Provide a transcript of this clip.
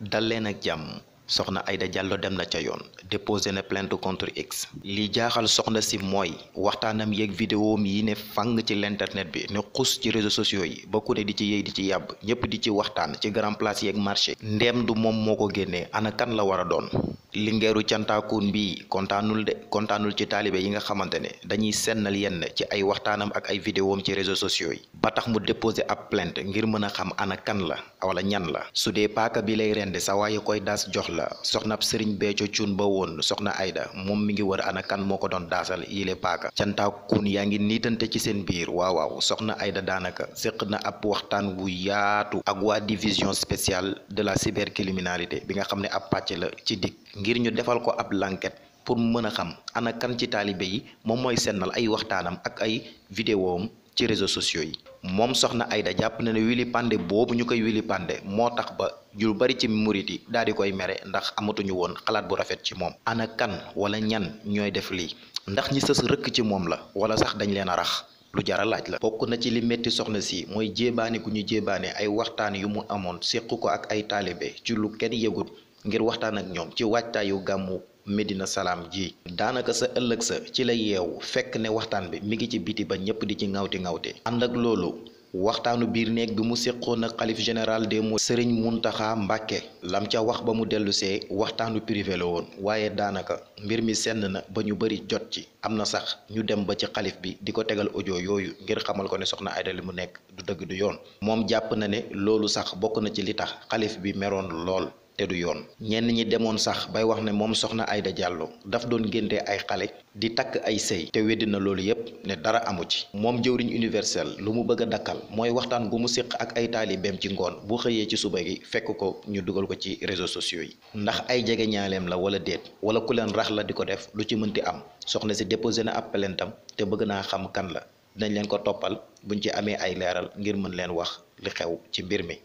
dal leen ak jàmm soxna Aida Diallo dem na ca yoon déposé na plainte contre X li jaaxal soxna si mooy waxtaanam yeeg vidéom yi ne fang ci l'internet bi ne xus ci réseaux sociaux yi ba ku ne di ci yëy di ci yàbb ñépp di ci waxtaan ci grand place yeeg marché ndéem du moom moo ko génnee ana kan la war a doon lingeeru cantaakoon bi kontaanul de kontaanul ci taalibe yi nga xamante ne dañuy sennal yenn ci ay waxtaanam ak ay vidéom ci réseaux sociaux yi ba tax mu déposé ab plainte ngir mën a xam ana kan la wala ñan la su dee paaka bi lay rendi sa waaye koy daas jox la soxnab sëriñ Béthio Thioune ba woon soxna ayda moom mi ngi wër ana kan moo ko doon daasal yile paaka cantaakoon yaa ngi niitante ci seen biir waaw waaw soxna ayda daanaka séq na ab waxtaan wu yaatu ak waa division spéciale de la cybercriminalité bi nga xam ne ab pàcc la ci dikk ngir ñu defal ko ab lanket pour mën a xam ana kan ci taalibe yi moom mooy sennal ay waxtaanam ak ay vidéom ci réseau sociaux yi moom soxna Aida jàpp na ne Willy Pandé boobu ñu koy Willy Pandé moo tax ba ju bari ci murit yi daal di koy mere ndax amatuñu woon xalaat bu rafet ci moom ana kan wala ñan ñooy def lii ndax ñi sës rëkk ci moom la wala sax dañ leen a rax lu jara laaj la bokk na ci li métti soxna si mooy jéebaane ku ñu jéebaane ay waxtaan yu mu amoon séq ko ak ay taalibe ci lu ngir waxtaan ak ñoom ci waajtaayu gàmmu Medina Salaam ji daanaka sa ëllëg sa ci la yeewu fekk ne waxtaan bi mi ngi ci biti ba ñëpp di ci ŋawti ŋawte ànd ak loolu waxtaanu biir néeg bi mu séqoon ak xalif général des mourides mun Muntaxa Mbàkke lam ca wax ba mu dellusee waxtaanu privé la woon waaye daanaka mbir mi senn na ba ñu bëri jot ci am na sax ñu dem ba ci xalif bi di ko tegal ojo yooyu ngir xamal ko ne soxna Aida li mu nekk du dëgg du yoon moom jàpp na ne loolu sax bokk na ci li tax xalif bi meroon lool te du yoon ñenn ñi demoon sax bay wax ne moom soxna Aida Diallo daf doon génte ay xale di takk ay sëy te wedd na loolu yépp ne dara amu ci moom jëwriñ universel lu mu bëgg a dakkal mooy waxtaan gu mu séq ak ay taalibeem ci ngoon bu xëyee ci suba gi fekk ko ñu dugal ko ci réseau sociaux yi ndax ay jege ñaaleem la wala déet wala ku leen rax la di ko def lu ci mënti am soxna si déposé na ab plaintam te bëgg naa xam kan la dinañ leen ko toppal buñ ci amee ay leeral ngir mën leen wax li xew ci mbir mi